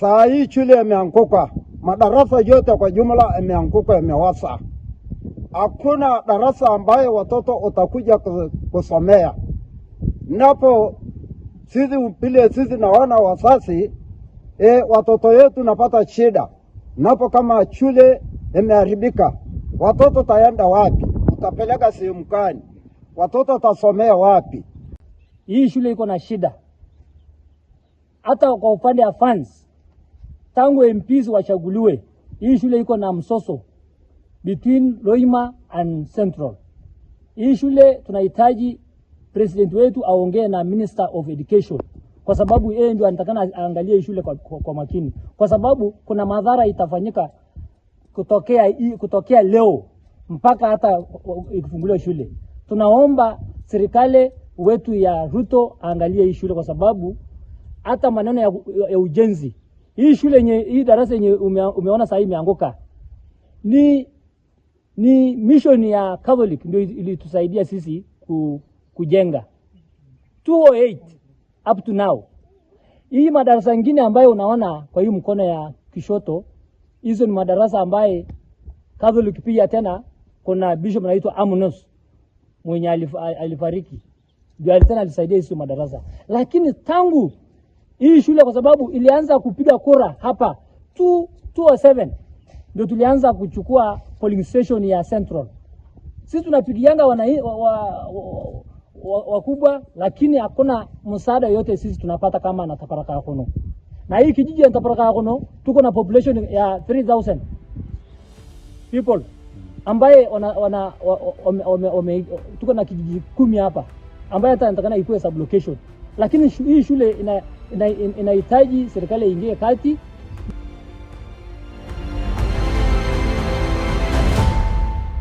Saa hii shule yameanguka, madarasa yote kwa jumla yameanguka, yamewasa. Hakuna darasa ambayo watoto utakuja kusomea napo. Sisi upile sisi naona wasasi e, watoto yetu napata shida napo. Kama shule imeharibika, watoto taenda wapi? Utapeleka sehemu gani? Watoto tasomea wapi? Hii shule iko na shida, hata kwa upande wa fans tangu MPs wachaguliwe, hii shule iko na msoso between Loima and Central. Hii shule tunahitaji president wetu aongee na minister of education, kwa sababu yeye ndio anatakana aangalie hii shule kwa, kwa, kwa makini, kwa sababu kuna madhara itafanyika kutokea, kutokea leo mpaka hata ikifunguliwa shule. Tunaomba serikali wetu ya Ruto aangalie hii shule, kwa sababu hata maneno ya, ya ujenzi hii shule yenye hii darasa yenye ume, umeona sasa imeanguka ni ni mission ya Catholic ndio ilitusaidia sisi ku, kujenga 208 up to now. Hii madarasa ngine ambayo unaona kwa hii mkono ya kishoto, hizo ni madarasa ambaye Catholic pia tena, kuna bishop anaitwa Amnos mwenye alifariki ndio alitana alisaidia hizo madarasa, lakini tangu hii shule kwa sababu ilianza kupiga kura hapa 207 ndio tulianza kuchukua polling station ya Central. Sisi tunapigianga wakubwa wa, wa, wa wakubwa, lakini hakuna msaada yote sisi tunapata kama na Taparaka Yakono, na hii kijiji ya Taparaka Yakono tuko na population ya 3000 people ambaye wana, wana, wame, wame, wame, tuko na kijiji kumi hapa ambaye hata natakana ikuwe sub location, lakini hii shule ina inahitaji serikali iingie kati